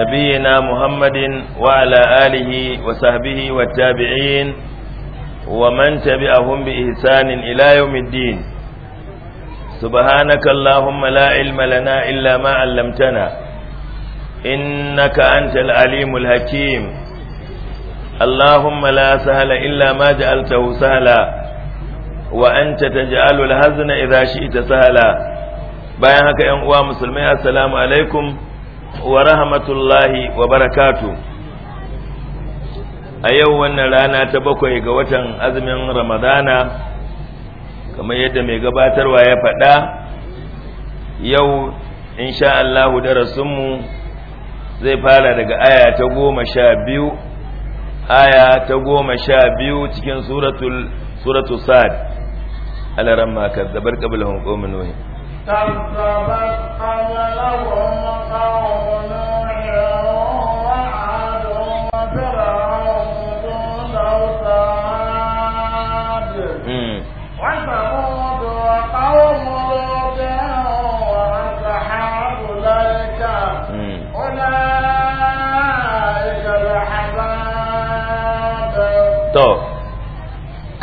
نبينا محمد وعلى آله وصحبه والتابعين ومن تبعهم بإحسان إلى يوم الدين سبحانك اللهم لا علم لنا إلا ما علمتنا إنك أنت العليم الحكيم اللهم لا سهل إلا ما جعلته سهلا وأنت تجعل الهزن إذا شئت سهلا bayan haka ‘yan uwa musulmai assalamu alaikum wa rahmatullahi wa barakatu a yau wannan rana ta bakwai ga watan azumin ramadana kamar yadda mai gabatarwa ya faɗa yau insha Allahu darasinmu zai fara daga aya ta goma sha biyu aya ta goma sha biyu cikin suratul suratul sad alaramma kazzabar qablahum qawmun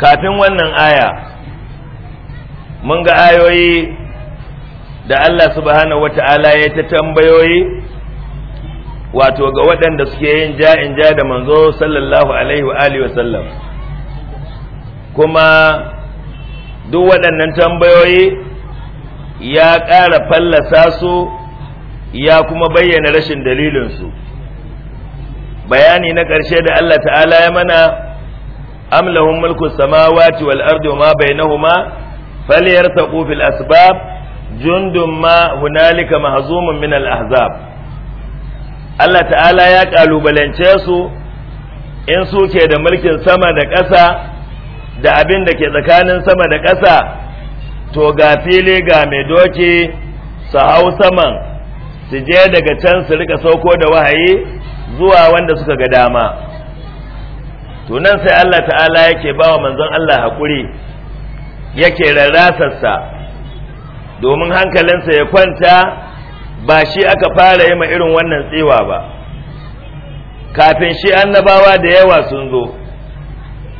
kafin wannan aya mun ga ayoyi da Allah subhanahu wata'ala ya ta tambayoyi wato ga waɗanda suke yin ja'in ja da manzo sallallahu alaihi wa sallam kuma duk waɗannan tambayoyi ya ƙara fallasa su ya kuma bayyana rashin dalilinsu bayani na ƙarshe da Allah ta'ala ya mana amlahun mulkun samawati wal ardi wa ma bainahuma falyartaqu fil asbab jundun ma hunalika mahzumun min al-ahzab Allah ta'ala ya kalubalance su in suke da mulkin sama da ƙasa da abin da ke tsakanin sama da ƙasa to ga fili ga mai doki su hau saman su je daga can su rika sauko da wahayi zuwa wanda suka ga dama tunan sai Allah ta'ala yake ba wa manzon Allah haƙuri yake rarrasarsa domin hankalinsa ya kwanta ba shi aka fara yi ma irin wannan tsewa ba kafin shi annabawa da yawa sun zo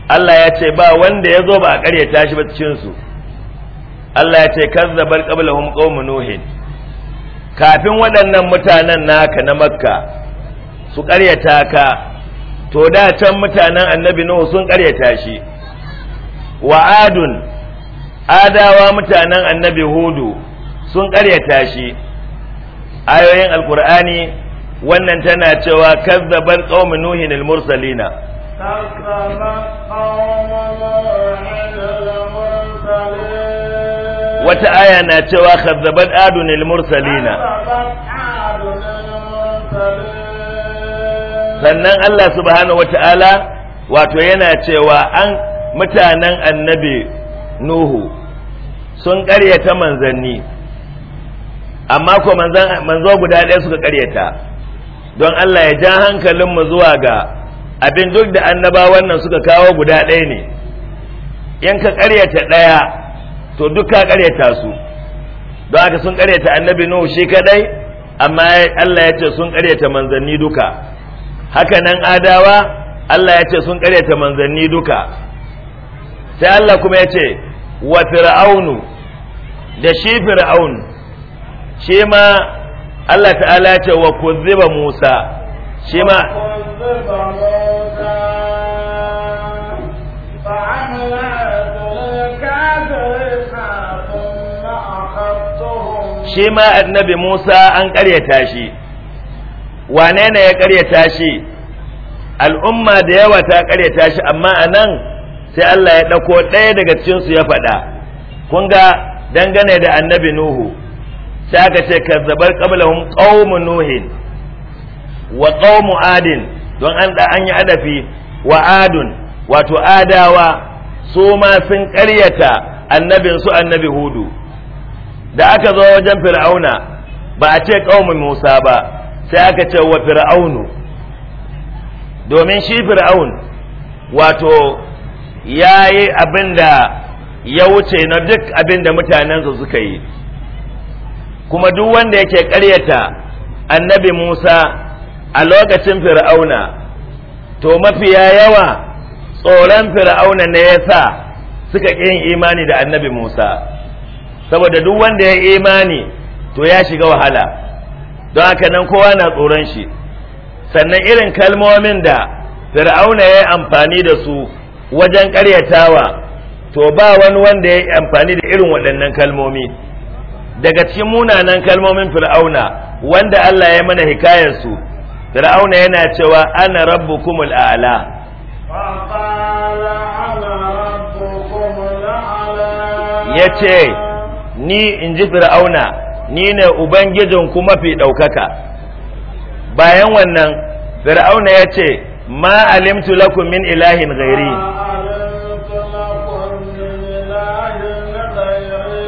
Allah ya ce ba wanda ya zo ba a ƙarya shi ba su Allah ya ce kazzabar qablahum qaumun nuhin kafin waɗannan mutanen naka na makka su ƙaryata ka to da can mutanen annabi nuhu sun ƙaryata shi Wa'adun. adawa mutanen annabi hudu sun ƙaryata shi ayoyin alkur'ani wannan tana cewa kazzaban qaumun nuhin al-mursalina wata aya na cewa kazzabar adun al-mursalina sannan Allah subhanahu wata'ala wato yana cewa an mutanen annabi nuhu sun ƙaryata manzanni amma ko manzo guda ɗaya suka ƙaryata don Allah ya ja hankalinmu zuwa ga abin duk da annabawan nan suka kawo guda ɗaya ne in ka ƙaryata ɗaya to duk ka ƙaryata su don haka sun ƙaryata annabi nuhu shi kadai amma Allah ya ce sun ƙaryata manzanni duka haka nan adawa Allah ya ce sun ƙaryata manzanni duka sai Allah kuma ya ce wa fir'aunu da shi fir'aun shi ma Allah ta'ala ya ce wa kuzziba Musa shi ma shi ma annabi Musa an ƙaryata shi wane ne ya ƙaryata shi al'umma da yawa ta ƙaryata shi amma a nan sai Allah ya ɗauko ɗaya daga su ya faɗa kun ga dangane da annabi nuhu sai aka ce kazzabar qablahum qaumu nuhin wa qaumu adin don an da an yi adafi wa adun wato adawa su ma sun ƙaryata annabin su annabi hudu da aka zo wajen fir'auna ba a ce ƙaumu musa ba sai aka ce wa fir'aunu domin shi fir'aun wato ya yi abin da ya wuce na duk abin da mutanensa suka yi kuma duk wanda yake ƙaryata annabi Musa a lokacin fir'auna to mafiya yawa tsoron fir'auna ne ya sa suka ƙin imani da annabi Musa saboda duk wanda ya imani to ya shiga wahala don haka nan kowa na tsoron shi sannan irin kalmomin da fir'auna ya yi amfani da su wajen ƙaryatawa to ba wani wanda ya yi amfani da irin waɗannan kalmomi daga cikin munanan kalmomin fir'auna wanda Allah ya mana hikayarsu fir'auna yana cewa ana rabbukumul al'ala. ya ce ni in ji fir'auna ni ne ubangijin ubangijinku mafi ɗaukaka bayan wannan fir'auna ya ce ma علمت لكم من ilahin غيري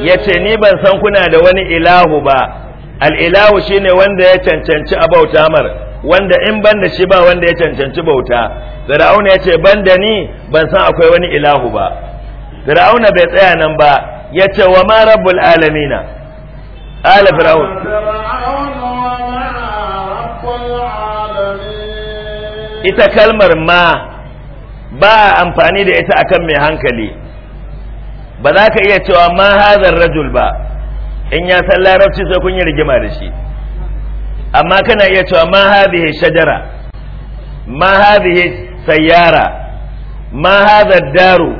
yace ni ban san kuna da wani ilahu ba al-ilahu shine wanda ya cancanci abauta mar wanda in ban da shi ba wanda ya cancanci bauta ya yace ban da ni ban san akwai wani ilahu ba fir'auna bai tsaya nan ba yace wa ma rabbul alamina ala fir'aun ita kalmar ma ba amfani da ita akan mai hankali ba za ka iya cewa ma hazar rajul ba in ya san larabci sai kun yi rigima da shi amma kana iya cewa ma hadhihi shajara ma hadhihi sayyara ma hadha daru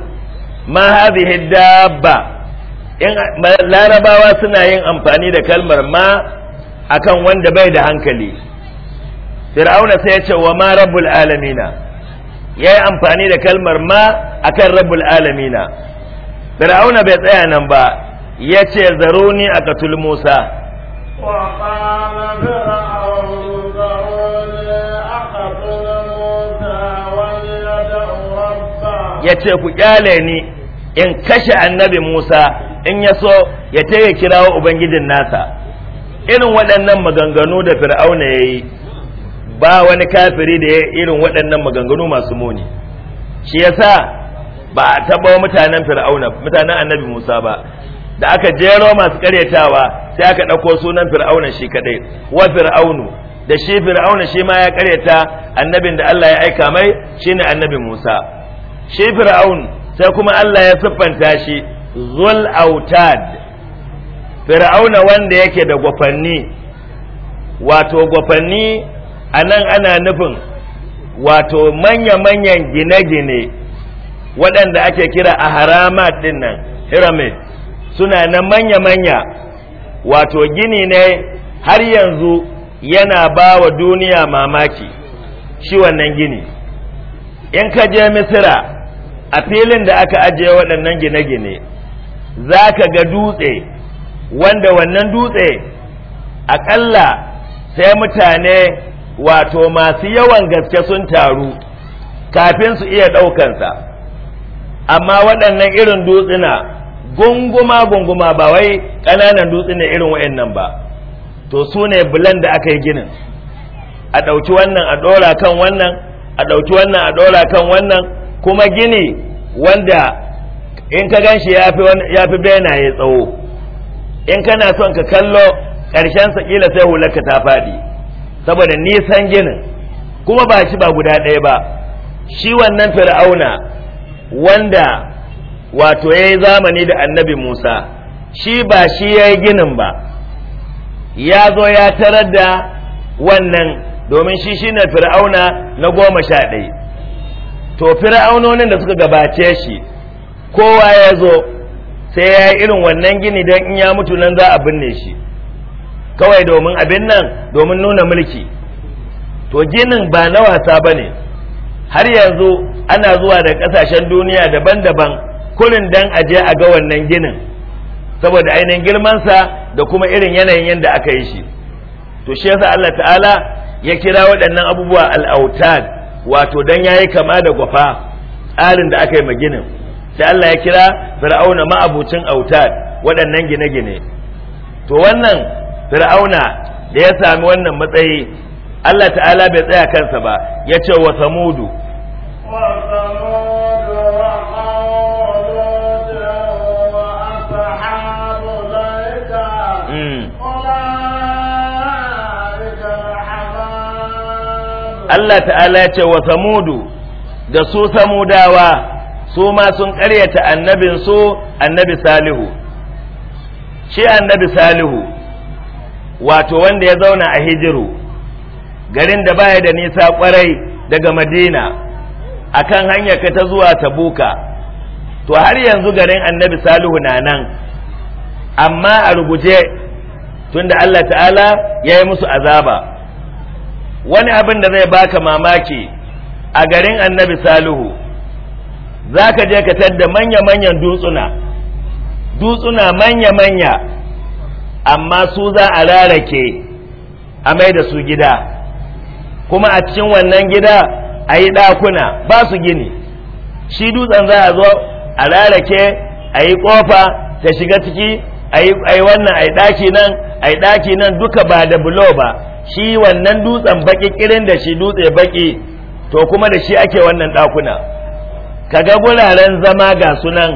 ma hadhihi dabba in larabawa suna yin amfani da kalmar ma akan wanda bai da hankali fir'auna sai ya ce wa ma rabbul alamina ya yi amfani da kalmar ma akan rabbul na. fir'auna bai tsaya nan ba ya ce zaruni a katul musa ya ce ku kyale ni in kashe annabi musa in ya so ya ce ya kirawo ubangijin nasa irin waɗannan maganganu da fir'auna ya yi ba wani kafiri da ya irin waɗannan maganganu masu muni shi yasa ba a taɓa mutanen fir'auna mutanen annabi musa ba da aka jero masu karyatawa sai aka ɗauko sunan fir'auna shi kaɗai wa fir'aunu da shi fir'auna shi ma ya karyata annabin da allah ya aika mai shine annabi musa shi fir'aun sai kuma allah ya siffanta shi zul autad fir'auna wanda yake da gwafanni wato gwafanni a nan ana nufin wato manya-manyan gine-gine waɗanda ake kira a harama ɗin nan pyramid suna na manya-manya wato gini ne har yanzu yana ba wa duniya mamaki shi wannan gini in ka je misira a filin da aka ajiye waɗannan gine-gine za ka ga dutse wanda wannan dutse aƙalla sai mutane wato masu yawan gaske sun taru kafin su iya ɗaukansa amma waɗannan irin dutsuna gunguma gunguma ba wai ƙananan ne irin waɗannan ba to su ne bulan da aka yi ginin a ɗauki wannan a ɗora kan wannan a ɗauki wannan a ɗora kan wannan kuma gini wanda in ka gan shi ya fi benaye tsawo in kana son ka kallo ƙarshen ƙila sai hularka ta faɗi saboda nisan ginin kuma ba shi ba guda ɗaya ba shi wannan fir'auna wanda wato ya yi zamani da annabi musa shi ba shi ya yi ginin ba ya zo ya tarar da wannan domin shi shine fir'auna na goma sha ɗaya to fir'aunonin da suka gabace shi kowa ya zo sai ya yi irin wannan gini don in ya mutu nan za a binne shi kawai domin abin nan domin nuna mulki to ginin ba na wasa ba ne har yanzu ana zuwa da kasashen duniya daban-daban kulin dan aje a ga wannan ginin saboda ainihin girmansa da kuma irin yanayin yadda aka yi shi to shi yasa Allah ta'ala ya kira waɗannan abubuwa al'autad wato dan yayi kama da gwafa tsarin da aka yi maginin sai Allah ya kira fir'auna ma'abucin autad waɗannan gine-gine to wannan fir'auna da ya sami wannan matsayi Allah ta'ala bai tsaya kansa ba ya ce wa samudu mm. Allah ta'ala ya ce wa samudu da su samudawa su ma sun ƙaryata annabinsu annabi salihu shi annabi salihu wato wanda ya zauna a hijiru garin da baya da nisa kwarai daga madina akan hanyar ka ta zuwa tabuka to har yanzu garin annabi salihu na nan amma a rubuce tunda Allah ta'ala ya yi musu azaba wani abin da zai baka mamaki a garin annabi salihu za ka je ka tadda manya-manyan dutsuna dutsuna manya-manya amma su za a rarake a mai da su gida kuma a cikin wannan gida a yi ɗakuna ba su gini shi dutsen za a zo a rarake a yi ƙofa ta shiga ciki a yi wannan a yi ɗaki nan a yi ɗaki nan duka ba da bulo ba shi wannan dutsen baƙi ƙirin da shi dutse baƙi to kuma da shi ake wannan ɗakuna kaga guraren zama ga sunan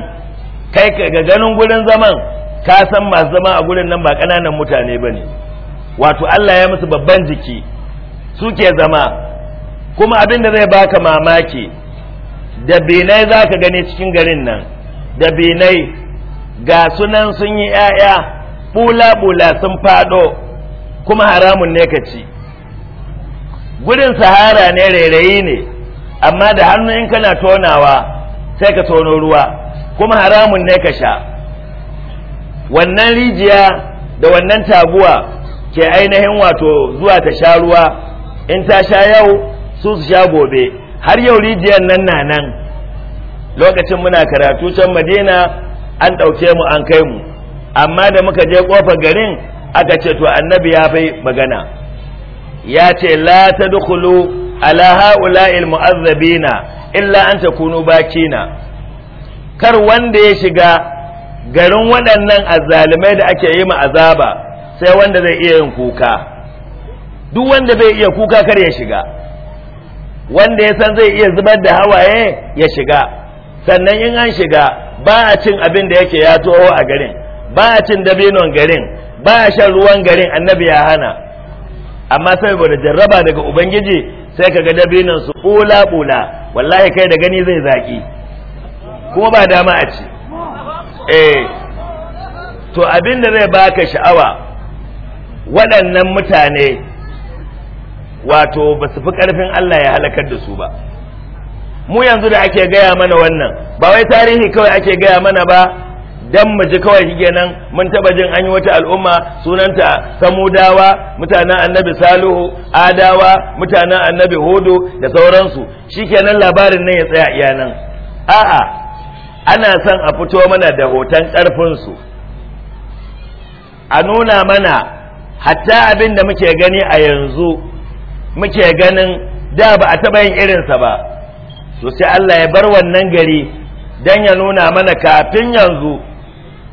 kai ga ganin gurin zaman ka san masu zama a gurin nan ba ƙananan mutane ba ne wato Allah ya musu babban jiki suke zama kuma abin da zai baka mamaki da benai za ka gani cikin garin nan da benai ga sunan sun yi 'ya'ya bula-bula sun fado kuma haramun ne ka ci gudun sahara ne rairayi ne amma da hannun kana tonawa sai ka tono ruwa kuma haramun ne ka sha wannan rijiya da wannan taguwa ke ainihin wato zuwa ta sha ruwa in ta sha yau su su sha gobe har yau rijiyar nan na nan lokacin muna karatu can madina an ɗauke mu an kai mu amma da muka je ƙofar garin aka ce to annabi ya fi magana ya ce la ta dukulu ala ha'ula'il mu'azzabina illa an takunu bakina kar wanda ya shiga garin waɗannan azalimai da ake yi azaba sai wanda zai iya yin kuka duk wanda bai iya kuka kar ya shiga wanda ya san zai iya zubar da hawaye ya shiga sannan in an shiga ba a cin abin da yake ya a garin ba a cin dabinon garin ba a shan ruwan garin annabi ya hana amma saboda jarraba daga ubangiji sai ka ga dabinon su bula bula wallahi kai da gani zai zaki kuma ba dama a ci eh to abin da zai baka sha'awa waɗannan mutane wato ba su fi ƙarfin Allah ya halakar da su ba mu yanzu da ake gaya mana wannan ba wai tarihi kawai ake gaya mana ba dan mu ji kawai kenan mun taba jin an yi wata al'umma sunanta samudawa mutanen annabi salihu adawa mutanen annabi hudu da sauransu shi shikenan labarin nan ya tsaya iya nan a'a ana son a fito mana da hoton ƙarfinsu a nuna mana hatta abin da muke gani a yanzu muke ganin da ba a taɓa yin irin sa ba to sai Allah ya bar wannan gari don ya nuna mana kafin yanzu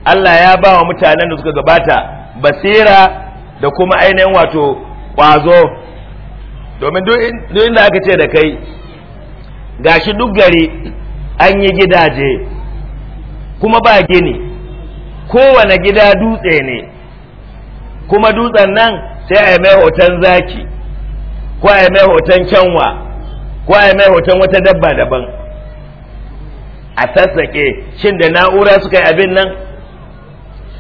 Allah ya ba wa mutanen da suka gabata basira da kuma ainihin wato ƙwazo domin duk inda aka ce da kai gashi duk gari an yi gidaje kuma ba gini kowane gida dutse ne kuma dutsen nan sai a yi mai hoton zaki ko a yi mai hoton canwa, ko a yi mai hoton wata dabba daban a sassaƙe shin da na'ura suka yi abin nan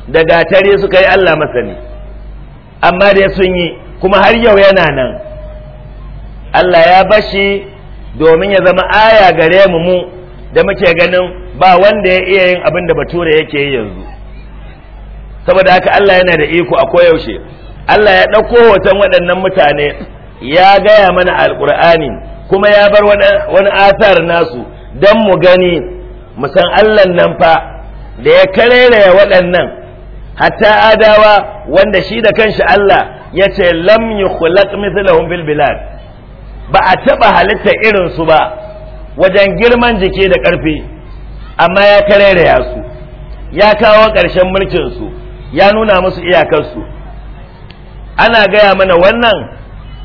da gatari suka yi allah masani amma dai sun yi kuma har yau yana nan allah ya bashi domin ya zama aya gare mu mu da muke ganin ba wanda ya iya yin abin da bature yake yi yanzu saboda haka Allah yana da iko a koyaushe Allah ya ɗauko hoton waɗannan mutane ya gaya mana alƙur'ani kuma ya bar wani asar nasu don mu gani mu san Allah nan fa da ya kareraya waɗannan hatta adawa wanda shi da kanshi Allah ya ce lam yukhlaq mithlahum bil bilad ba a taɓa halitta irinsu ba wajen girman jiki da ƙarfi amma ya da yasu ya kawo ƙarshen su ya nuna musu iyakarsu ana gaya mana wannan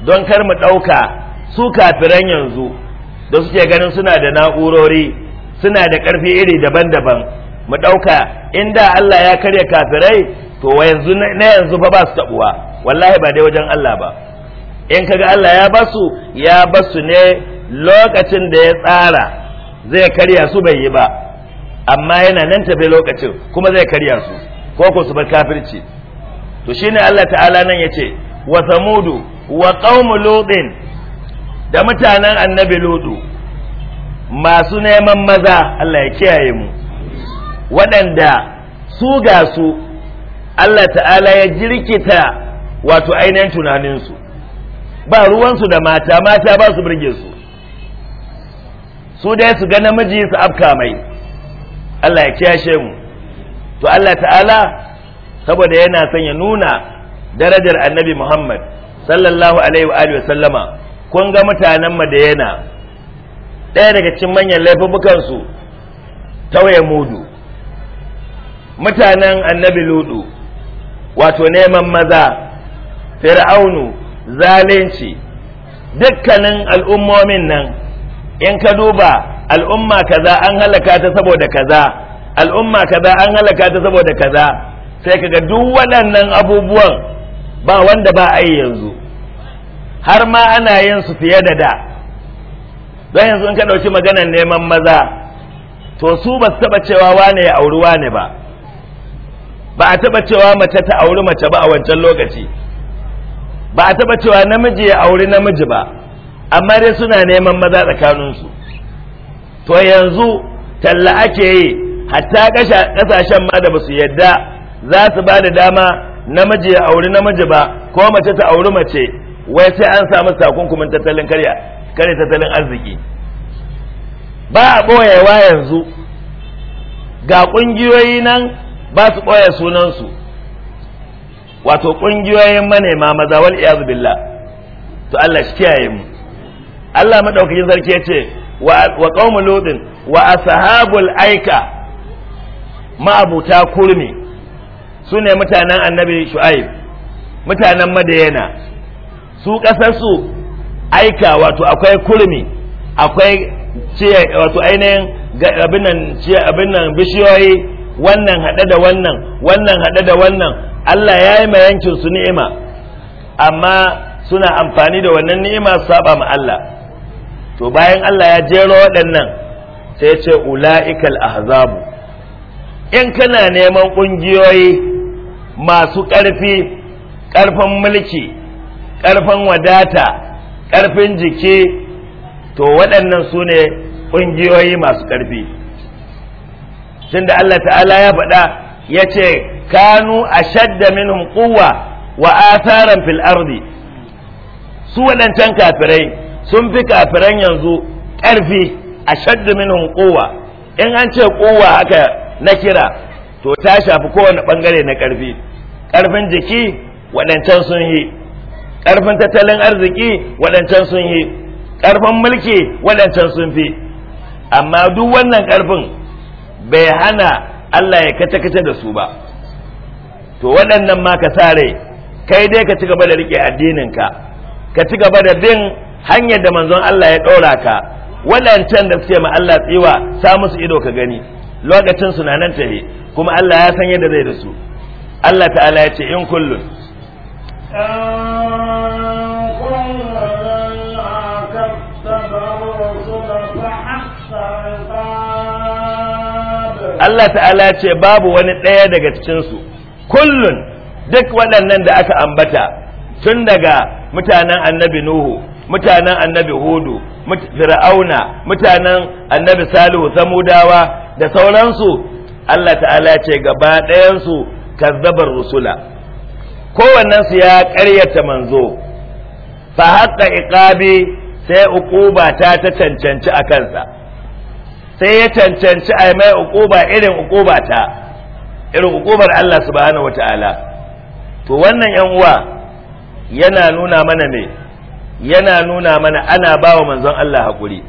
don kar mu ɗauka su kafiran yanzu da suke ganin suna da na'urori suna da ƙarfi iri daban-daban mu ɗauka inda Allah ya karya kafirai to yanzu na yanzu fa ba su taɓuwa wallahi ba dai wajen Allah ba in kaga Allah ya basu ya basu ne lokacin da ya tsara zai karya su bai yi ba amma yana nan tafe lokacin kuma zai karya su ko ko su bar kafirci to shine Allah ta'ala nan yace wa samudu wa qaum lutin da mutanen annabi lutu masu neman maza Allah ya kiyaye mu waɗanda su ga su Allah ta'ala ya jirkita wato ainihin tunaninsu ba ruwansu da mata mata ba su birge su su dai su ga namiji su afka mai Allah ya kiyashe mu to Allah ta'ala saboda yana son ya nuna darajar annabi Muhammad sallallahu alaihi wa alihi sallama kun ga mutanen Madina ɗaya daga cikin manyan laifukan su tawaye mudu mutanen annabi ludu wato neman maza fir'aunu zalunci dukkanin al'ummomin nan in ka duba al'umma kaza an halaka ta saboda kaza al'umma kaza an halaka ta saboda kaza sai kaga duk waɗannan abubuwan ba wanda ba a yi yanzu har ma ana yin su fiye da da don yanzu in ka ɗauki maganar neman maza to su ba su taɓa cewa wane ya auri wane ba ba a taɓa cewa mace ta auri mace ba a wancan lokaci ba a taɓa cewa namiji ya auri namiji ba amma dai suna neman maza tsakaninsu to yanzu talla ake yi hatta kasashen ma da ba su yadda za su ba da dama namiji ya auri namiji ba ko mace ta auri mace wai sai an samu sakunkumin tattalin karya kare tattalin arziki ba a ɓoyewa yanzu ga ƙungiyoyi nan ba su ɓoye sunansu wato ƙungiyoyin manema maza iyazu billah to Allah shi kiyaye mu Allah madaukakin sarki ya ce wa qaumu ludin wa ashabul aika ma'abuta kurmi su ne mutanen annabi shu'aib mutanen madayana su ƙasarsu aika wato akwai kurmi akwai wato ainihin abinan bishiyoyi wannan hada da wannan wannan da wannan Allah ya yi ma yankin su ni'ima amma suna amfani da wannan ni'ima saba ma Allah to bayan Allah ya jero waɗannan sai ya ce ula'ikal ahzabu in kana neman ƙungiyoyi masu ƙarfi ƙarfin mulki ƙarfin wadata ƙarfin jiki to waɗannan su ne ƙungiyoyi masu ƙarfi shin da Allah ta'ala ya faɗa ya ce kanu a shadda minhum quwwa wa asaran fil ardi su waɗancan kafirai sun fi kafiran yanzu ƙarfi a shaddu minin kowa in an ce kowa haka na kira to ta shafi kowane ɓangare na ƙarfi ƙarfin jiki waɗancan sun yi ƙarfin tattalin arziki waɗancan sun yi ƙarfin mulki waɗancan sun fi amma duk wannan ƙarfin bai hana Allah ya kace-kace da su ba to waɗannan ma ka sare kai dai ka ci gaba da riƙe addininka ka ci gaba da bin hanyar da manzon Allah ya ɗora ka waɗancan da suke ma Allah tsiwa sa musu ido ka gani lokacin su na nan tare kuma Allah ya san yadda zai da su Allah ta'ala ya ce in kullun Allah ta'ala ya ce babu wani ɗaya daga cikinsu kullun duk waɗannan da aka ambata tun daga mutanen annabi Nuhu mutanen annabi hudu fir'auna mutanen annabi salihu samudawa da sauransu Allah ta'ala ce gaba ɗayansu kazzabar rusula kowannensu ya ƙaryata manzo fa haƙa iqabi sai uquba ta ta cancanci a kansa sai ya cancanci a mai uquba irin uquba ta irin uqubar Allah subhanahu wataala to wannan yan uwa yana nuna mana me yana nuna mana ana ba wa manzon Allah haƙuri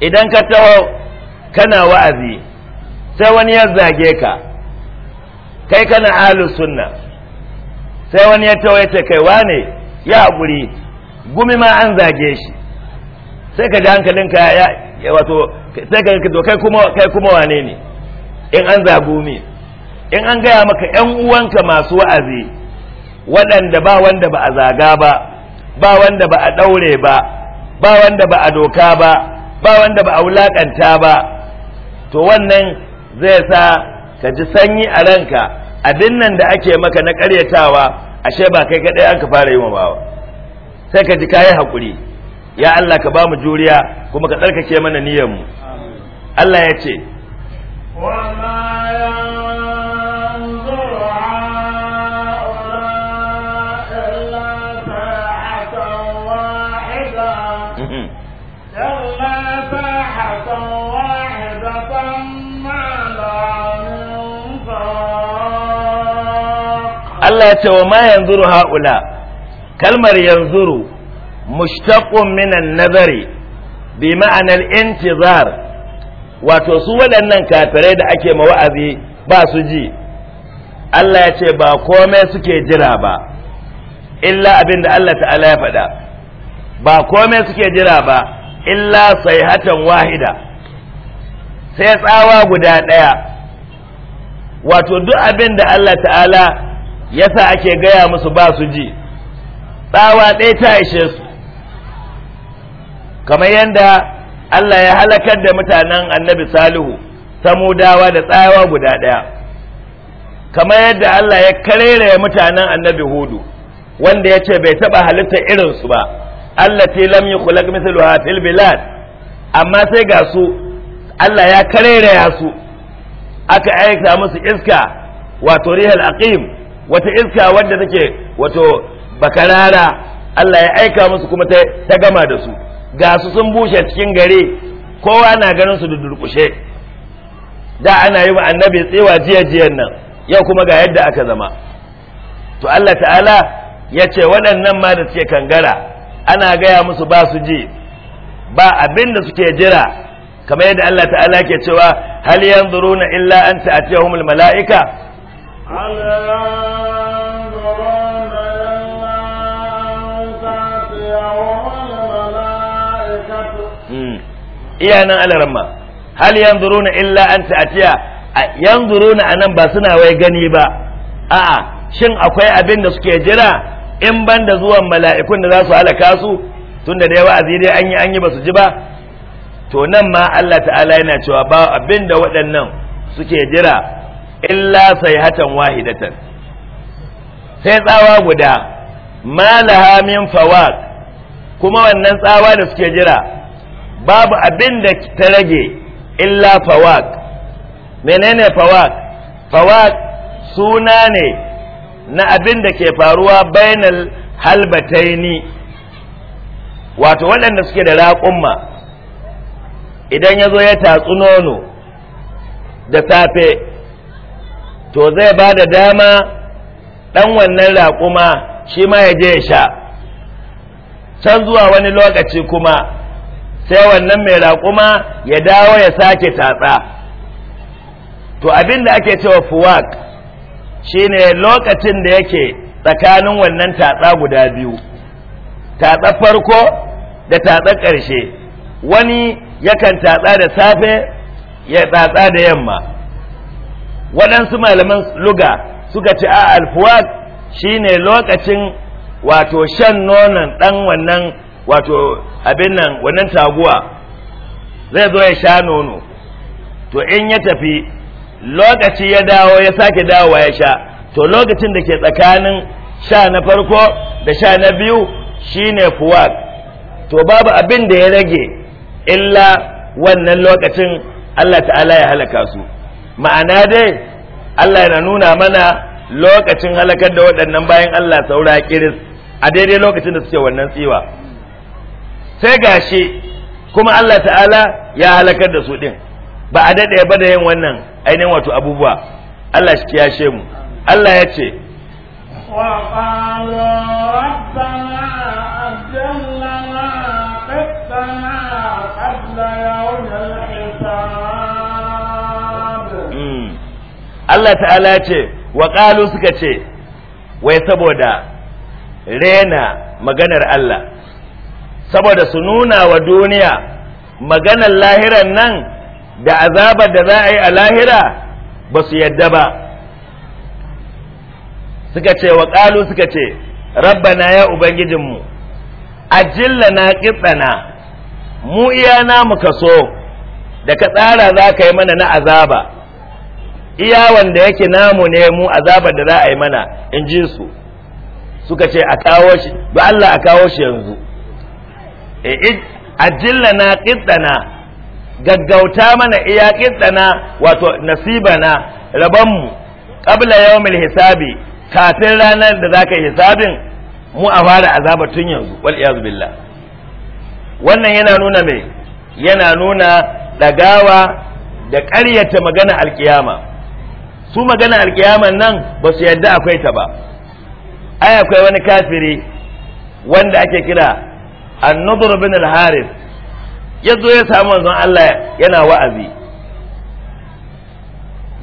idan ka taho kana wa'azi sai wani ya zage ka kai kana ahlus sunna sai wani ya taho ya ce kai wane ya haƙuri gumi ma an zage shi sai ka ji hankalinka ya wato sai ka to kai kuma kai kuma wane ne in an zagumi in an gaya maka yan uwanka masu wa'azi waɗanda ba wanda ba a zaga ba ba wanda ba a daure ba ba wanda ba a doka ba ba wanda ba a wulaƙanta ba to wannan zai sa ka ji sanyi a ranka abin nan da ake maka na karyatawa ashe ba kai kaɗai an ka fara yi wa sai ka ji kayi hakuri ya Allah ka ba mu juriya kuma ka tsarkake mana niyyar mu Allah ya ce Allah ya ce wa ma yanzuru haula kalmar yanzuru mushtaqun minan nazari bi ma'anar intizar wato su waɗannan kafirai da ake ma wa'azi ba su ji Allah ya ce ba komai suke jira ba illa abin da Allah ta'ala ya faɗa ba komai suke jira ba illa sayhatan wahida sai tsawa guda ɗaya wato duk abin da Allah ta'ala yasa ake gaya musu ba su ji tsawa ɗaya ta ishe su kamar yadda Allah ya halakar da mutanen annabi salihu samudawa da tsawa guda ɗaya kamar yadda Allah ya karere mutanen annabi hudu wanda ya ce bai taɓa halitta irinsu ba Allah ce lam yi kulak misluha fil bilad amma sai ga su Allah ya karere su aka aika musu iska wato rihal aqim wata iska wadda take wato bakarara Allah ya aika musu kuma ta gama da su ga su sun bushe cikin gare kowa na ganin su da durkushe da ana yi wa annabi tsewa jiya jiyan nan yau kuma ga yadda aka zama to Allah ta'ala ya ce waɗannan ma da suke kangara ana gaya musu ba su ji ba abin da suke jira kamar yadda Allah ta'ala ke cewa hal yanzuruna illa an atiyahumul mala'ika Allah iya nan alaramma hal yanzuruna illa an ta'tiya yanzuruna anan ba suna wai gani ba a'a shin akwai abin da suke jira in banda zuwan mala'ikun da za su halaka su tun da dai wa'azi dai an yi an yi ba su ji ba to nan ma Allah ta'ala yana cewa ba abin da waɗannan suke jira illa sai hatan wahidatan sai tsawa guda ma laha min fawaq kuma wannan tsawa da suke jira babu abin da ta rage illa fawak menene fawak fawak suna ne na abin da ke faruwa bainal halbataini wato waɗanda suke da raƙumma idan ya zo ya tatsu nono da safe to zai ba da dama ɗan wannan raƙuma shi ma ya je ya sha San zuwa wani lokaci kuma sai wannan mai raƙuma ya dawo ya sake tatsa to abin da ake cewa fuwak shine lokacin da yake tsakanin wannan tatsa guda biyu tatsa farko da tatsa ƙarshe wani yakan tatsa da safe ya tatsa da yamma waɗansu malaman luga suka ci a alfuwak shine lokacin wato shan nonon ɗan wannan wato abin nan wannan taguwa zai zo ya sha nono to in ya tafi lokaci ya dawo ya sake dawowa ya sha to lokacin da ke tsakanin sha na farko da sha na biyu shine fuwak to babu abin da ya rage illa wannan lokacin Allah ta'ala ya halaka su ma'ana dai Allah yana nuna mana lokacin halakar da waɗannan bayan Allah saura kiris a daidai lokacin da suke wannan tsiwa sai gashi kuma Allah ta'ala ya halakar da su din ba a daɗe ba da yin wannan ainihin wato abubuwa Allah shi she mu Allah ya ce وقالوا ربنا أجل لنا قطنا قبل يوم الحساب Allah ta'ala ce waƙalu suka ce wai saboda rena maganar Allah saboda su nuna wa duniya maganar lahiran nan da azabar da za a yi a lahira ba su yadda ba suka ce wa ƙalu suka ce rabbana ya ubangijinmu na kitsana mu iya mu kaso da ka tsara za ka yi mana na azaba iya wanda yake namu ne mu azabar da za a yi mana in ji su suka ce a kawo shi ba Allah a kawo shi yanzu Eh, ajillana qiddana gaggauta mana iya qiddana wato nasibana rabanmu qabla yawmil hisabi kafin ranar da zaka yi hisabin mu a fara azaba tun yanzu wal iyaz billah wannan yana nuna me yana nuna dagawa da ƙaryata magana alkiyama su magana alkiyaman nan ba su yadda akwai ta ba ai akwai wani kafiri wanda ake kira annudur bin al-haris ya zo ya samu manzon Allah yana wa'azi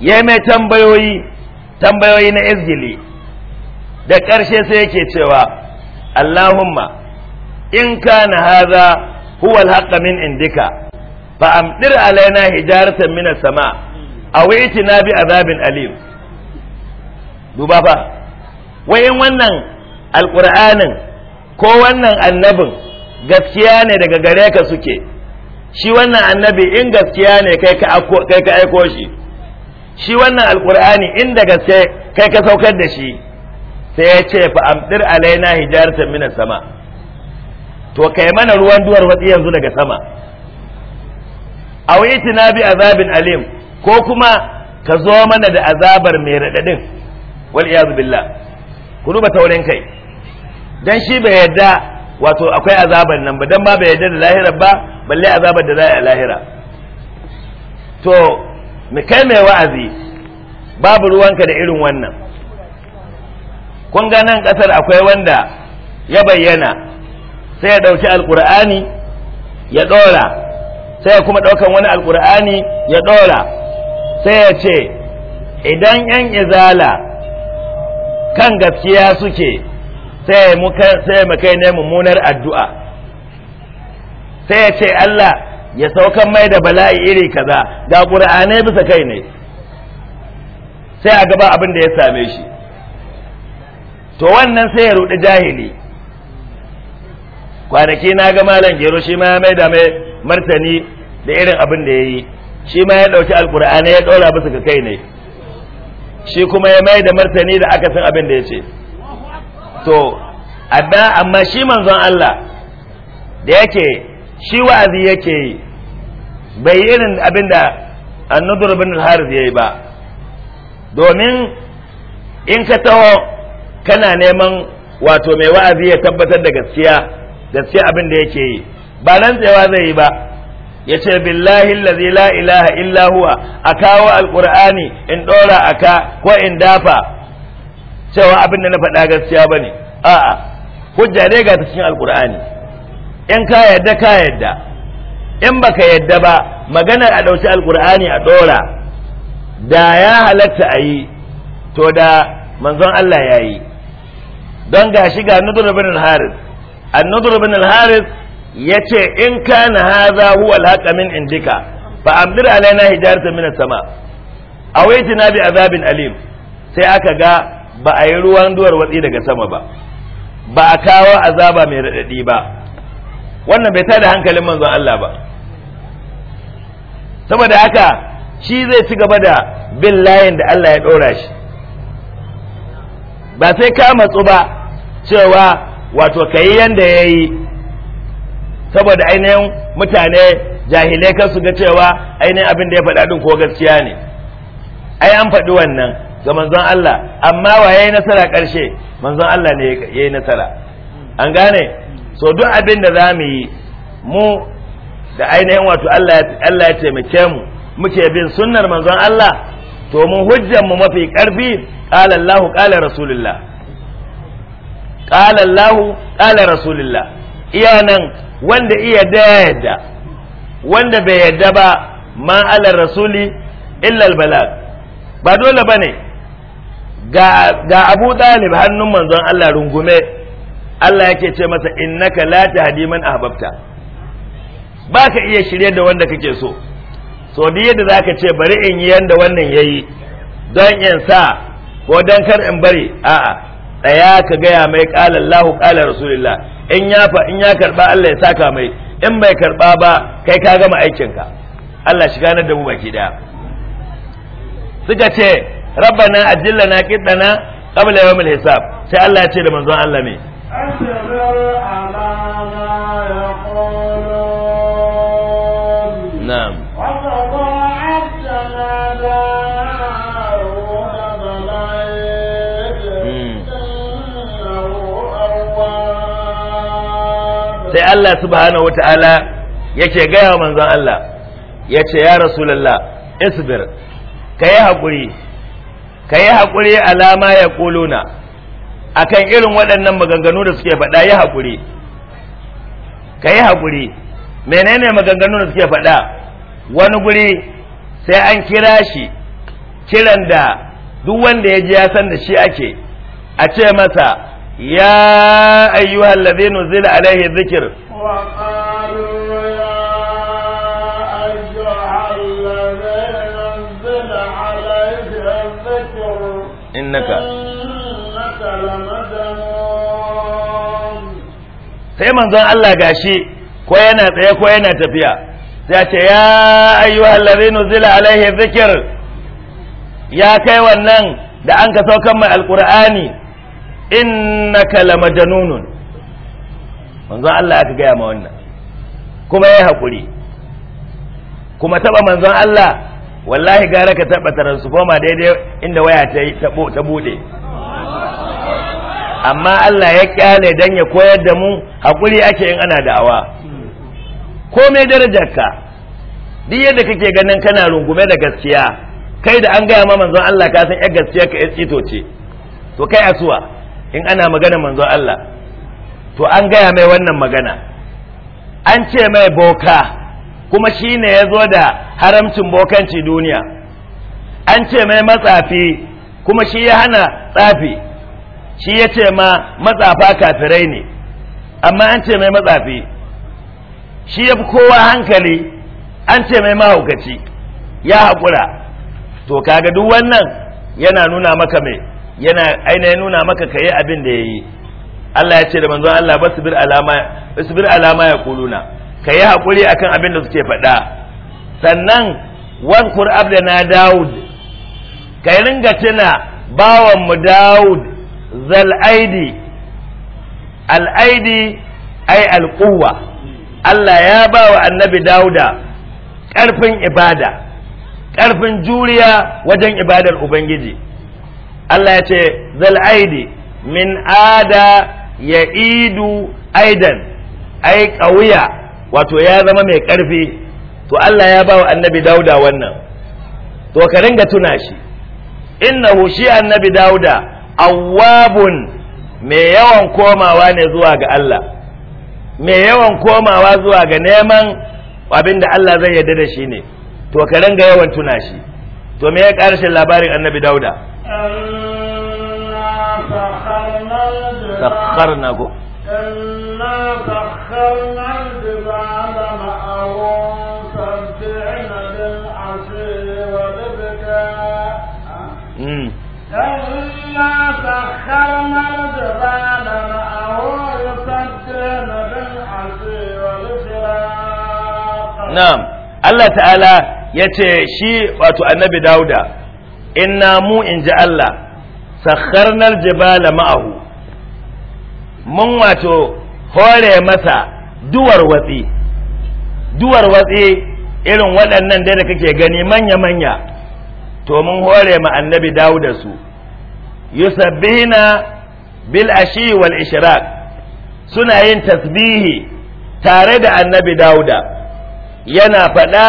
ya mai tambayoyi tambayoyi na izgili da ƙarshe sai yake cewa Allahumma in kana haza huwa al min indika fa amdir alaina hijaratan min as a aw itina bi azabin alim duba fa wai wannan alqur'anin ko wannan annabin gaskiya ne daga gare ka suke shi wannan annabi in gaskiya ne kai ka aiko shi shi wannan alkur'ani in da gaske kai ka saukar da shi sai ya ce fa amdir alaina hijaratan minas sama to kai mana ruwan duwar watsi yanzu daga sama aw itina bi azabin alim ko kuma ka zo mana da azabar mai radadin wal iyad billah ku duba taurin kai dan shi bai yadda wato akwai azaban nan ba dan ba bai yarda da lahira ba balle azabar da za a lahira to mu kai mai wa'azi babu ruwanka da irin wannan kun ga nan kasar akwai wanda ya bayyana sai ya dauki alkur'ani ya dora sai ya kuma daukan wani alkur'ani ya dora sai ya ce idan yan izala kan gaskiya suke sai mu kai ne mummunar addu'a sai ya ce Allah ya saukan mai da bala'i iri kaza ga ƙura'anai bisa kai ne sai a gaba abin da ya same shi to wannan sai ya rudi jahili kwanaki na ga malam gero shi ma ya mai da mai martani da irin abin da ya yi shi ma ya ɗauki alƙur'ani ya ɗora bisa kai ne shi kuma ya mai da martani da aka san abin da ya ce to amma shi manzon Allah da yake shi wa'azi yake yi bai irin abinda annadur bin al-harith yayi ba domin in ka taho kana neman wato mai wa'azi ya tabbatar da gaskiya gaskiya abin da yake yi ba nan tsayawa zai yi ba ya ce billahi allazi la ilaha illa huwa a kawo alkur'ani in ɗora aka ko in dafa cewa abin da na faɗa gaskiya ba ne a'a hujja dai ga ta cikin alkur'ani in ka yadda ka yadda in baka yadda ba maganar a ɗauki alkur'ani a ɗora da ya halatta a yi to da manzon Allah ya yi don ga shiga ga nudur bin al-haris annudur bin al-haris yace in kana haza huwa al min indika fa amdir alaina hijaratan min as-sama waiti na bi azabin alim sai aka ga ba a yi ruwan duwar watsi daga sama ba ba a kawo azaba mai raɗaɗi ba wannan bai tada hankalin manzon Allah ba saboda haka shi zai ci gaba da bin layin da Allah ya ɗora shi ba sai ka matsu ba cewa wato ka yi yanda ya yi saboda ainihin mutane jahilai kan su ga cewa ainihin abin da ya faɗa ɗin ko gaskiya ne ai an faɗi wannan ga manzon Allah amma wa yayi nasara karshe manzon Allah ne yayi nasara an gane so duk abin da zamu yi mu da ainihin wato Allah ya taimake mu muke bin sunnar manzon Allah to mun hujjan mu mafi karfi qala Allah qala rasulullah qala Allah qala rasulullah iya nan wanda iya da yadda wanda bai yadda ba ma ala rasuli illa albalag ba dole bane ga abu ɗalib hannun manzon Allah rungume Allah yake ce masa innaka la tahdi man ahbabta ba ka iya shirye da wanda kake so so da yadda za ka ce bari in yi yanda wannan yayi yi don in sa ko don kar in bari a'a ɗaya ka gaya mai qala Allahu qala rasulillah in ya fa in ya karɓa Allah ya saka mai in bai karba ba kai ka gama aikin ka Allah shiga nan da mu baki ɗaya suka ce rabbana ajillana qitana qabla yawm al-hisab sai Allah ya ce da manzon Allah me na'am hmm. sai Allah subhanahu wata'ala yake gaya wa manzon Allah yace ya rasulullah isbir ka yi hakuri ka yi haƙuri alama ya ƙuluna a kan irin waɗannan maganganu da suke faɗa yi haƙuri ka yi haƙuri menene maganganu da suke faɗa wani guri sai an kira shi kiran da duk wanda ya ji ya san da shi ake a ce masa ya ayyuhal ladhina zila alaihi dhikr innaka sai manzon Allah gashi ko yana tsaye ko yana tafiya sai ce ya ayyuhal ladhina zila alaihi dhikr ya kai wannan da an ka saukan mai alqur'ani innaka lamajnun manzon Allah aka gaya ma wannan kuma ya hakuri kuma taba manzon Allah wallahi gara ka taɓa transforma daidai inda waya ta yi ta buɗe amma Allah ya kyale dan ya koyar da mu hakuri ake in ana da'awa komai darajarka duk yadda kake ganin kana rungume da gaskiya kai da an gaya ma manzon Allah ka san ya gaskiya ka tsito ce to kai asuwa in ana magana manzon Allah to an gaya mai wannan magana an ce mai boka kuma shi ne ya zo da haramcin bokanci duniya an ce mai matsafi kuma shi ya hana tsafi shi ya ce ma matsafa kafirai ne amma an ce mai matsafi shi ya fi kowa hankali an ce mai mahaukaci ya haƙura to kaga duk wannan yana nuna maka mai yana ya nuna maka ka yi abin da ya yi Allah ya ce da manzon Allah basu bir alama ya kuluna ka yi haƙuri akan abin da suke faɗa sannan wan kur'ab da na dawud ka yi ringa tuna bawanmu dawud zal'aidi al'aidi ai alƙuwa Allah ya ba wa annabi dawuda ƙarfin ibada ƙarfin juriya wajen ibadar ubangiji Allah ya ce zal'aidi min ada ya idu aidan ai ƙauya wato ya zama mai ƙarfi to Allah ya ba wa annabi dauda wannan to ka ringa tuna shi innahu shi annabi dauda awwabun mai yawan komawa ne zuwa ga Allah mai yawan komawa zuwa ga neman abin da Allah zai yarda da shi ne to ka ringa yawan tuna shi to me ya karshen labarin annabi dauda إنا سخرنا الجبال بالعشي والبكاء إنا سخرنا الجبال بالعشي نعم الله تعالى يتي ce shi wato annabi dauda inna mu in ji Allah sakharnar jibala ma'ahu mun wato hore masa duwar watsi duwar watsi irin waɗannan da kake gani manya-manya to mun hore ma annabi dawo da su yusabbihina bil ashi wal ishraq suna yin tasbihi tare da annabi Dawuda yana faɗa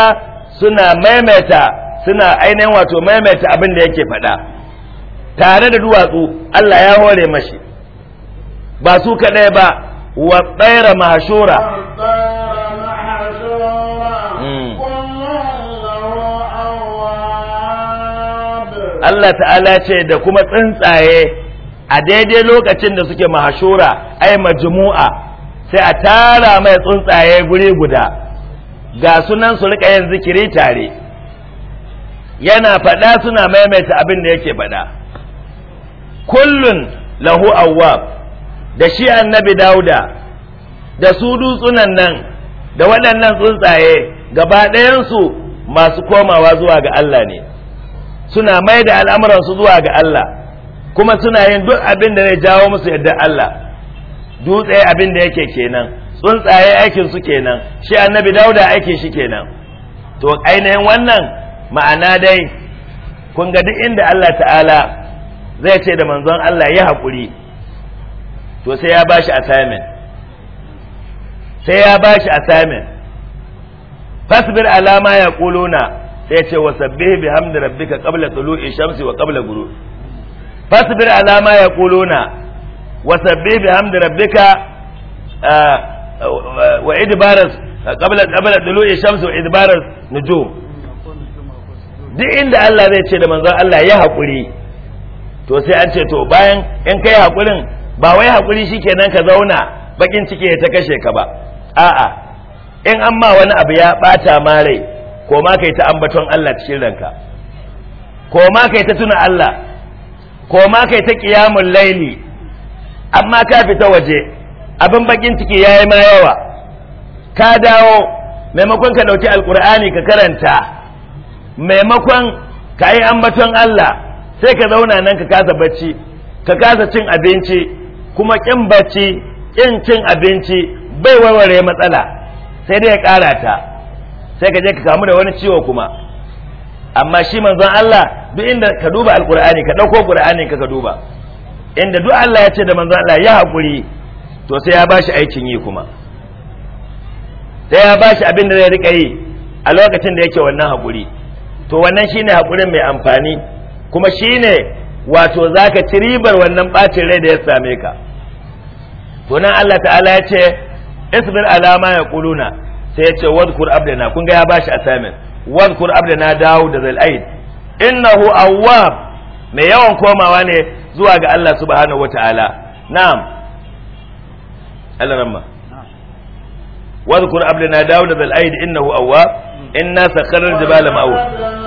suna maimaita suna ainihin wato maimaita abin da yake faɗa tare da duwatsu Allah ya hore mashi ba su kaɗai ba wa tsaira mahashura hmm. Allah ta'ala ce da kuma tsuntsaye a daidai lokacin da suke mahashura ai majmu'a sai a tara mai tsuntsaye guri guda ga sunan su rika yin zikiri tare yana faɗa suna maimaita abin da yake faɗa kullun lahu awwab da shi annabi dauda da su dutsunan nan da waɗannan tsuntsaye gaba ɗayansu masu komawa zuwa ga Allah ne suna mai da al'amuransu zuwa ga Allah kuma suna yin duk abin da zai jawo musu yadda Allah dutse abin da yake kenan tsuntsaye aikin su kenan shi annabi dauda aikin shi kenan to ainihin wannan ma'ana dai kun ga duk inda Allah ta'ala zai ce da manzon Allah ya haƙuri to sai ya bashi assignment sai ya bashi assignment fasbir alama ya kuluna sai ce wa sabbihi bi hamdi rabbika qabla tulu'i shamsi wa qabla ghurub fasbir alama ya kuluna wa sabbihi bi hamdi rabbika wa idbaras qabla qabla tulu'i shamsi wa idbaras nujum duk inda Allah zai ce da manzon Allah ya haƙuri to sai an ce to bayan in kai haƙurin ba wai haƙuri kenan ka zauna bakin ciki ya ta kashe ka ba a'a in an ma wani abu ya ɓata ma rai ko ma kai ta ambaton Allah cikin ranka ko ma kai ta tuna Allah ko ma kai ta ƙiyamun laili amma ka fita waje abin bakin ciki ya yi ma yawa ka dawo maimakon ka ɗauki alkur'ani ka karanta maimakon ka yi ambaton Allah sai ka zauna nan ka kasa bacci ka kasa cin abinci kuma ƙin bacci ƙin cin abinci bai warware matsala sai dai ya ƙara ta sai ka je ka kamu da wani ciwo kuma amma shi manzon Allah duk inda ka duba alƙur'ani ka dauko qur'ani ka ka duba inda duk Allah ya ce da manzon Allah ya haƙuri to sai ya bashi aikin yi kuma sai ya bashi abin da zai rika yi a lokacin da yake wannan hakuri to wannan shine hakurin mai amfani kuma shine wato zaka ci ribar wannan bacin rai da ya same ka tunan Allah ta'ala ya ce isbir alama ya kuluna sai ya ce wadkur abdana kun ga ya bashi assignment wadkur abdana dawo da zal'aid innahu awwab mai yawan komawa ne zuwa ga Allah subhanahu wata'ala na'am Allah ramma wadkur abdana dawo da zal'aid innahu awwab inna sakhara al-jibala ma'ud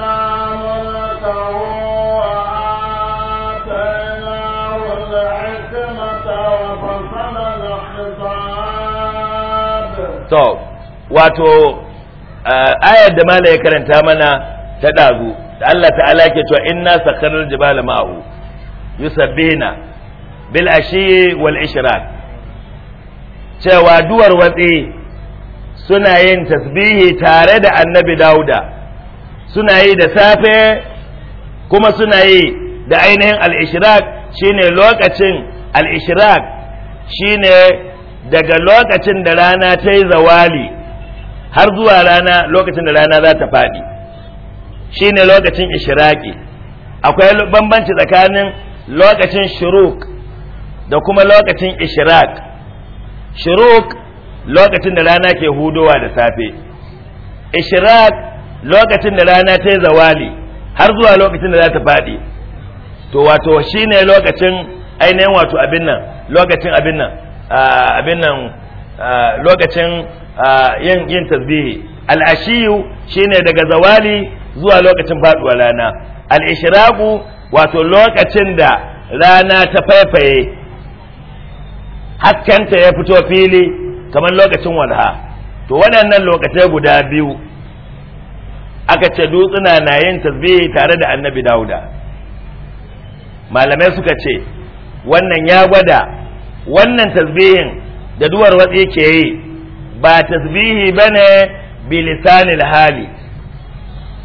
to wato ayar da mala ya karanta mana ta ɗazu da Allah ta'ala ke cewa inna sakharar jibala ma'ahu yusabbina bil ashi wal ishrak cewa duwar watsi suna yin tasbihi tare da annabi dauda suna yi da safe kuma suna yi da ainihin al shine lokacin al ishrak shine daga lokacin da rana ta yi zawali har zuwa rana lokacin da rana za ta faɗi shi ne lokacin ishiraki akwai bambanci tsakanin lokacin shiruk da kuma lokacin ishirak shiruk lokacin da rana ke hudowa da safe ishirak lokacin da rana ta yi zawali har zuwa lokacin da za ta faɗi to wato shi ne lokacin ainihin wato abin nan lokacin abin nan abin nan lokacin yin yin tasbihi al'ashiyu shine daga zawali zuwa lokacin faduwar rana al'ishiraku wato lokacin da rana ta faifaye haskanta ya fito fili kamar lokacin walha to waɗannan lokacin guda biyu aka ce dutsuna na yin tasbihi tare da annabi dauda malamai suka ce wannan ya gwada wannan tasbihin da duwar watsi ke yi ba tasbihi ba ne bilisanil hali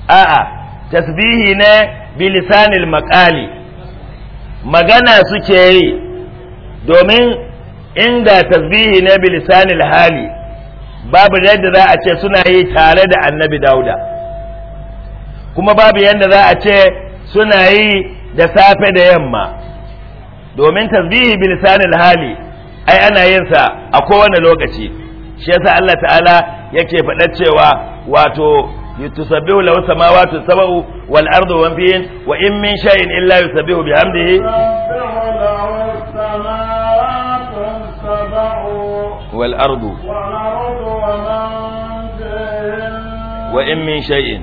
a'a tasbihi ne bilisanil makali magana suke yi domin inda tasbihi ne bilisanil hali babu yadda za a ce suna yi tare da annabi dauda kuma babu yadda za a ce suna yi da safe da yamma domin tasbihi bi lisanil hali ai ana yin sa a kowane lokaci shi yasa Allah ta'ala yake faɗa cewa wato tusabbihu lahu samawati sab'u wal ardu wa bihin wa in min shay'in illa yusabbihu bihamdihi wal ardu wa in min shay'in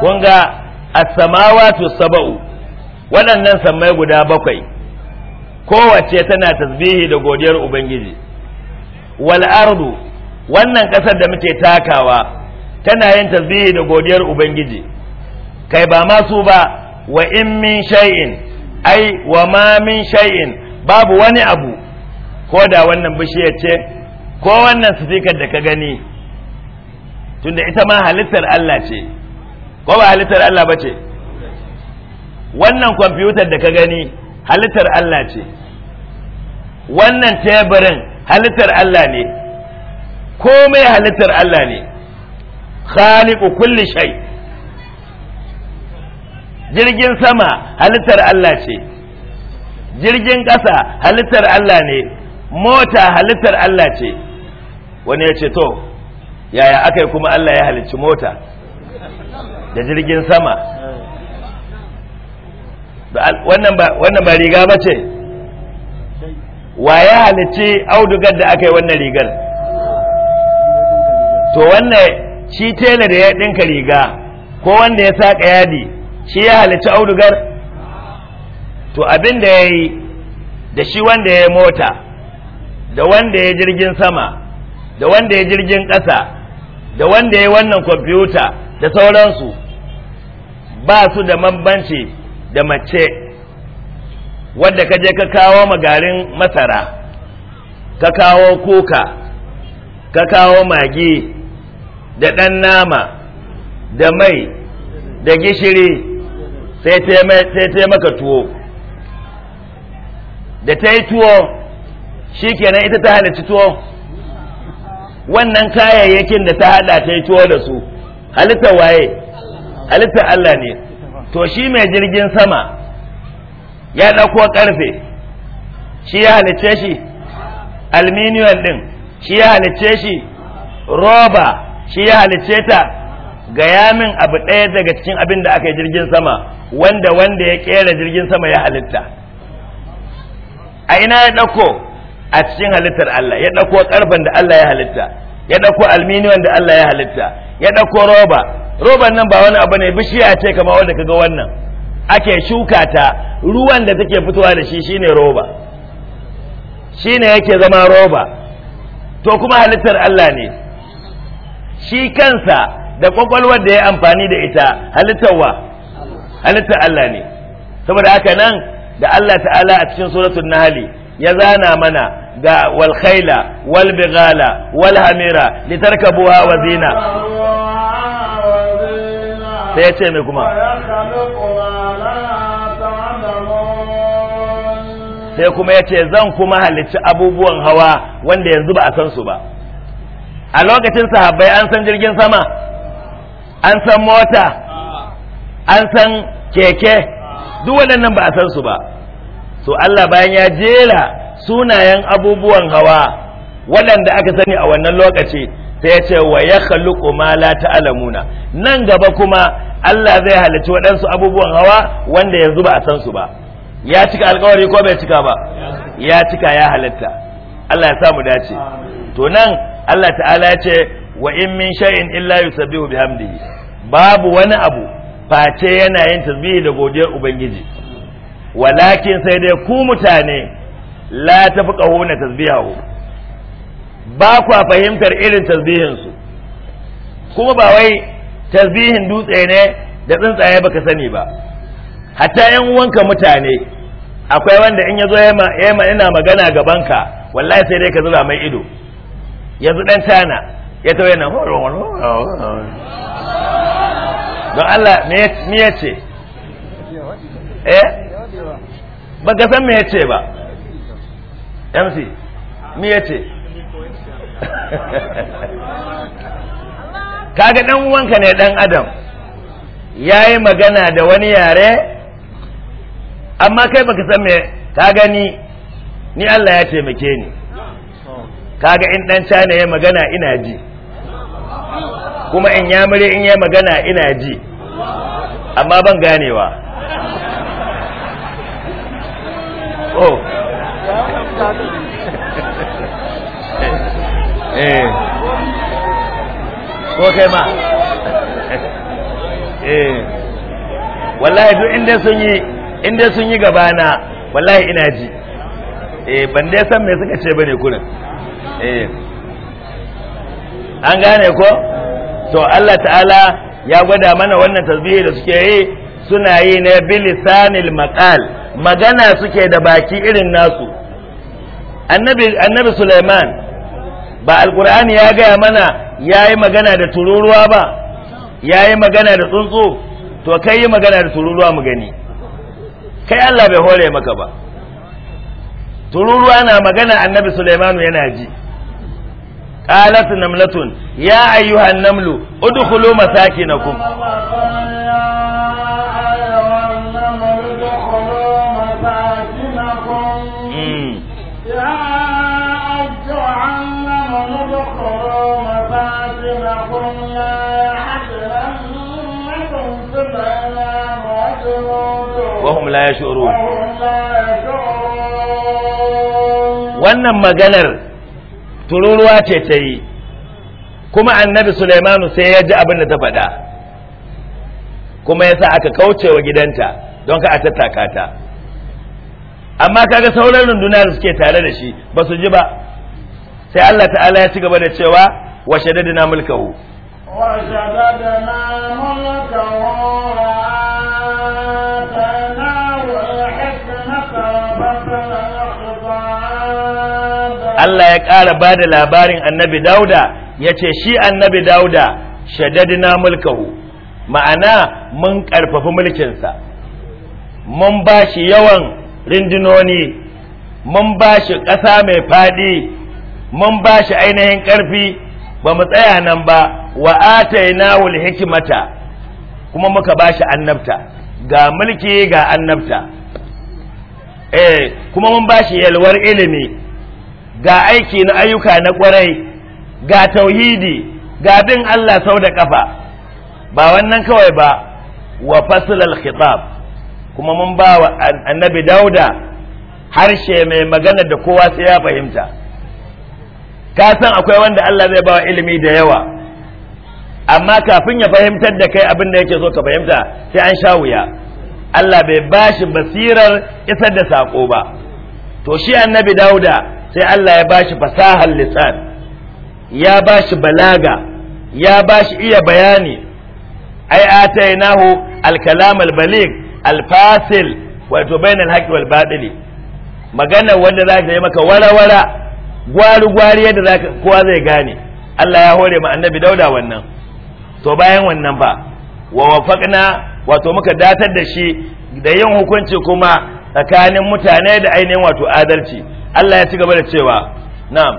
kun ga as-samawati sab'u waɗannan sammai guda bakwai kowace tana tasbihi da godiyar ubangiji wal ardu wannan ƙasar da muke takawa tana yin tasbihi da godiyar ubangiji kai ba masu ba wa in min shay'in ai wa ma min shay'in babu wani abu ko da wannan bishiyar ce ko wannan sifikar da ka gani tunda ita ma halittar Allah ce ko ba halittar Allah ba ce wannan kwamfutar da ka gani halittar Allah ce wannan teburin halittar Allah ne komai halittar Allah ne khaliqu kulli shay jirgin sama halittar Allah ce jirgin ƙasa halittar Allah ne mota halittar Allah ce wani ya ce to yaya aka yi kuma Allah ya halicci mota da jirgin sama wannan ba riga ba ce wa ya halice audugar da aka yi wannan rigar to wannan shi tela da ya ɗinka riga ko wanda ya saƙa yadi shi ya halice audugar to abin da ya yi da shi wanda ya mota da wanda ya jirgin sama da wanda ya jirgin ƙasa da wanda ya wannan kwamfuta da sauransu ba su da bambanci da mace wadda ka je ka kawo magarin masara ka kawo kuka ka kawo magi da ɗan nama da mai da gishiri sai ta maka tuwo da ta yi tuwo shi kenan ita ta halarci tuwo wannan kayayyakin da ta hada ta yi tuwo da su Halittar waye halitta Allah ne to shi mai jirgin sama ya ɗauko ƙarfe shi ya halicce shi alminiyon ɗin shi ya halicce shi roba shi ya halice ta gaya min abu ɗaya daga cikin abin da aka yi jirgin sama wanda wanda ya ƙera jirgin sama ya halitta a ina ya ɗauko a cikin halittar Allah ya ɗauko ƙarfen da Allah ya halitta ya ɗauko alminiyon da Allah ya halitta ya ɗauko roba roban nan ba wani abu ne bishiya ce kamar wanda kaga wannan ake shuka ta ruwan da take fitowa da shi shine roba shine yake zama roba to kuma halittar Allah ne shi kansa da kwakwalwar da ya amfani da ita halittarwa halittar Allah ne saboda haka nan da Allah ta'ala a cikin suratul nahli ya zana mana ga wal khaila wal bighala wal litarkabuha wa zina sai ya ce mai kuma sai kuma ya ce zan kuma halicci abubuwan hawa wanda yanzu ba a san su ba a lokacin sahabbai an san jirgin sama an san mota an san keke duk waɗannan ba a san su ba so Allah bayan ya jera sunayen abubuwan hawa waɗanda aka sani a wannan lokaci sai ya ce wa ya khaluqu ma la ta'lamuna nan gaba kuma Allah zai halarci waɗansu abubuwan hawa wanda yanzu ba a san su ba ya cika alkawari ko bai cika ba ya cika ya halatta Allah ya sa mu dace to nan Allah ta'ala ya ce wa in min shay'in illa yusabbihu bihamdihi babu wani abu face yana yin tasbihi da godiyar ubangiji walakin sai dai ku mutane la tafqahuna tasbihahu ba kwa fahimtar irin tasbihinsu kuma ba wai tasbihin dutse ne da tsuntsaye ka sani ba hatta yan uwanka mutane akwai wanda in yazo yema ina magana gabanka wallahi sai dai ka zura mai ido yanzu dan tana ya tawaye nan don Allah me ya ce eh ga san me ya ce ba MC me ya ce kaga dan uwanka ne dan adam yayi magana da wani yare amma kai baka san me ka gani ni Allah ya taimake ni kaga in dan cana ya magana ina ji kuma in ya mure in ya magana ina ji amma ban ganewa oh eh ko kai ma eh wallahi duk inda sun yi inda sun yi gabana wallahi ina ji eh ban dai san me suka ce bane kurin eh an gane ko to Allah ta'ala ya gwada mana wannan tasbihi da suke yi suna yi ne bilisanil maqal magana suke da baki irin nasu annabi annabi Sulaiman ba alkur'ani ya gaya mana ya yi magana da tururuwa ba ya yi magana da tsuntsu to kai yi magana da tururuwa mu gani kai Allah bai hore maka ba tururuwa na magana annabi Sulaimanu yana ji qalat namlatun ya ayyuhan namlu udkhulu masakinakum wahum la yash'urun wannan maganar tururuwa ce ta yi kuma annabi Sulaimanu sai ya ji abin da ta faɗa kuma ya sa aka kauce wa gidanta don ka a tattaka ta amma kaga sauran runduna da suke tare da shi ba su ji ba sai Allah ta'ala ya ci gaba da cewa wa shaddadna mulkahu wa shaddadna Allah ya ƙara ba da labarin annabi dauda ya ce shi annabi dauda shadadina mulkahu ma'ana mun ƙarfafi mulkinsa mun ba shi yawan rindinoni mun ba shi ƙasa mai faɗi mun ba shi ainihin ƙarfi ba mu tsaya nan ba wa ataina wul hikimata kuma muka ba shi annabta ga mulki ga annabta eh kuma mun ba shi yalwar ilimi ga aiki na ayyuka na kwarai ga tauhidi ga bin Allah sau da kafa ba wannan kawai ba wa faslal khitab kuma mun ba wa annabi dauda harshe mai magana da kowa sai ya fahimta ka san akwai wanda Allah zai ba wa ilimi da yawa amma kafin ya fahimtar da kai abin da yake so ka fahimta sai an sha wuya Allah bai bashi basirar isar da sako ba to shi annabi dauda sai Allah ya bashi fasahar lisan ya bashi balaga ya bashi iya bayani ai atainahu al-kalam al-baligh al-fasil wato bainal haqqi wal batili magana wanda zaka yi maka warawara gwari gwari yadda zaka kowa zai gane Allah ya hore ma annabi Dauda wannan to bayan wannan ba. wa wafaqna wato muka datar da shi da yin hukunci kuma tsakanin mutane da ainihin wato adalci Allah ya ci gaba da cewa na'am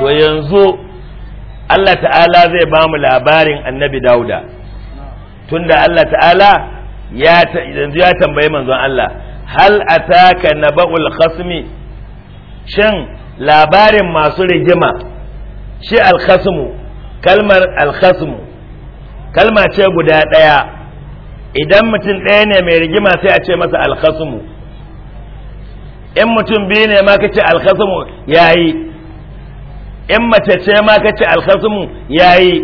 to yanzu Allah ta'ala zai ba mu labarin annabi dauda tunda Allah ta'ala yanzu ya tambayi manzon Allah hal ataka naba'ul khasmi shin labarin masu rigima shi alkhasmu kalmar alkhasmu kalma ce guda ɗaya idan mutum ɗaya ne mai rigima sai a ce masa alkhasmu in mutum biyu ne ma kace alkhasmu yayi in mace ce ma kace alkhasmu yayi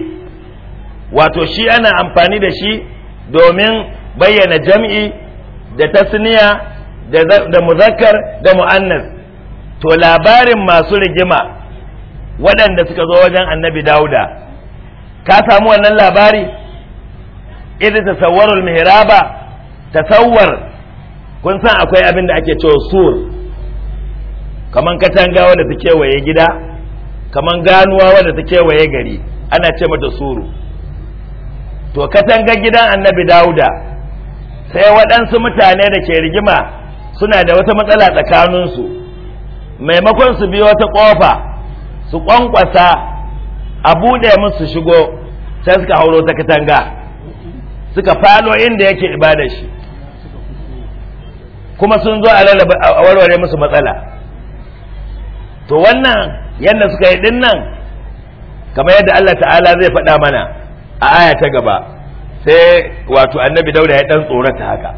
wato shi ana amfani da shi domin bayyana jam'i da tasniya da muzakkar da mu'annas to labarin masu rigima waɗanda suka zo wajen annabi dauda ka samu wannan labari idan tasawwarul mihraba tasawwar kun san akwai abin da ake cewa sur kaman katanga wanda ta kewaye gida kaman ganuwa wanda ta kewaye gari ana ce mata suru to katanga gidan annabi dauda sai waɗansu mutane da ke rigima suna da wata matsala tsakaninsu maimakon su biyo ta ƙofa su ƙwanƙwasa a buɗe musu shigo sai suka hauro ta katanga suka falo inda yake ibada shi kuma sun zo a lalaba a warware musu matsala to wannan yadda suka yi din nan kamar yadda Allah ta'ala zai faɗa mana a aya ta gaba sai wato annabi daura ya ɗan tsorata haka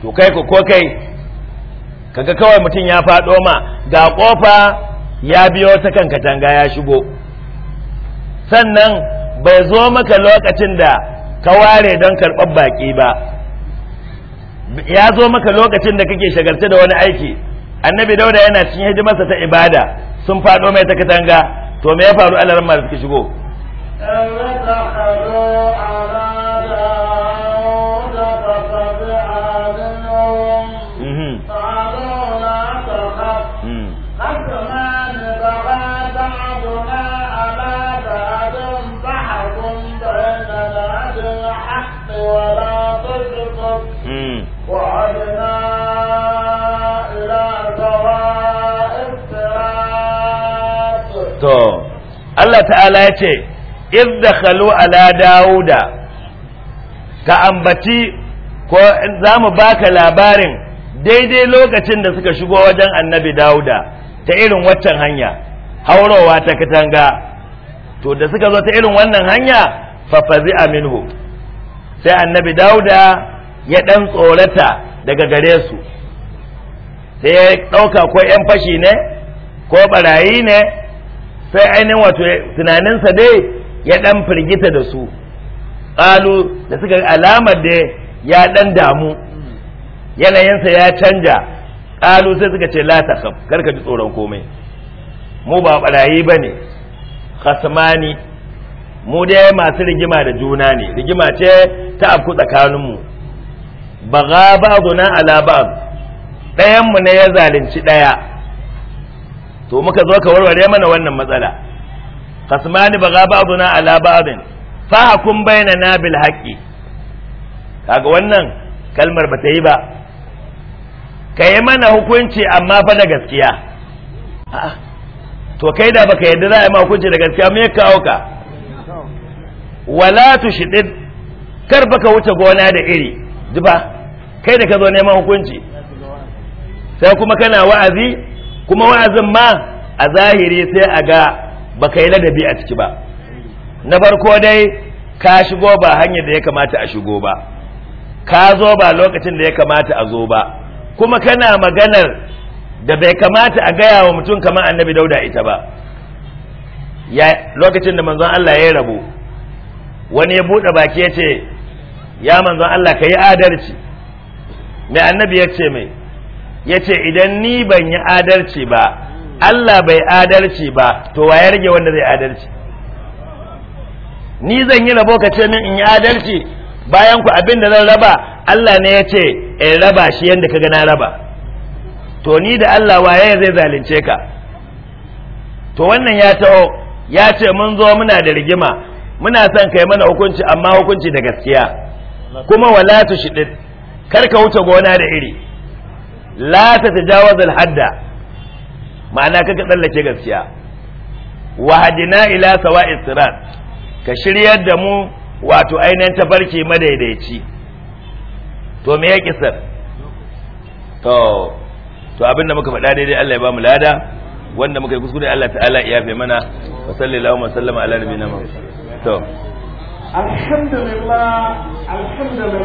to kai ko kai kaga kawai mutum ya faɗo ma ga ƙofa ya biyo ta kan katanga ya shigo sannan bai zo maka lokacin da ka ware don karɓar baƙi ba ya zo maka lokacin da kake shagarce da wani aiki annabi dauda yana cikin hidimarsa ta ibada sun faɗo mai ta katanga to me ya faru alaran masu da suka shigo Allah ta'ala ya ce izdakhalu ala dauda ka ambaci ko za mu baka labarin daidai lokacin da suka shigo wajen annabi dauda ta irin waccan hanya haurowa ta katanga to da suka zo ta irin wannan hanya fafazi aminu sai annabi dauda ya dan tsorata daga gare su sai ya ɗauka ko 'yan fashi ne ko barayi ne sai ainihin wato tunaninsa dai ya ɗan firgita da su ƙalu da suka alamar da ya dan damu yanayinsa ya canja ƙalu sai suka ce lata karka ji tsoron komai mu ba barayi ne khasmani mu dai masu rigima da juna ne rigima ce ta afku tsakaninmu ba ga ba ala na ɗayan mu ne ya zalunci ɗaya to muka zo ka warware mana wannan matsala kasmani baga ba'duna ala ba'din fa hakum bainana bil haqqi kaga wannan kalmar ba ta yi ba kai mana hukunci amma fa da gaskiya to kai da baka yadda za a yi ma hukunci da gaskiya me kawo ka wala tushdid kar baka wuce gona da iri duba kai da ka zo neman hukunci sai kuma kana wa'azi kuma wa'azin ma a zahiri sai a ga ba kai ladabi a ciki ba na farko dai ka shigo ba hanyar da ya kamata a shigo ba ka zo ba lokacin da ya kamata a zo ba kuma kana maganar da bai kamata a gaya wa mutum kamar annabi dauda ita ba ya lokacin da manzon Allah ya rabu wani ya buɗe baki ya ce ya manzon Allah ka yi adalci mai annabi ya ce mai ya ce idan ni ban yi adalci ba Allah bai adalci ba to wa ya rage wanda zai adalci ni zan yi rabo ka ce min in yi adalci bayan ku abin da zan raba Allah ne ya ce in raba shi yadda ka gana raba to ni da Allah waye zai zalunce ka to wannan ya taho ya ce mun zo muna da rigima muna son kai mana hukunci amma hukunci da gaskiya kuma wala tushidid kar ka wuce gona da iri la ta tajawaz al-hadda ma'ana kaka tsallake gaskiya wa hadina ila sawa'i sirat ka shiryar da mu wato ainihin tafarki madaidaici to me kisar to to abinda muka faɗa daidai Allah ya bamu lada wanda muka yi kuskure Allah ta'ala ya fi mana wa sallallahu wa sallama ala nabiyina to alhamdulillah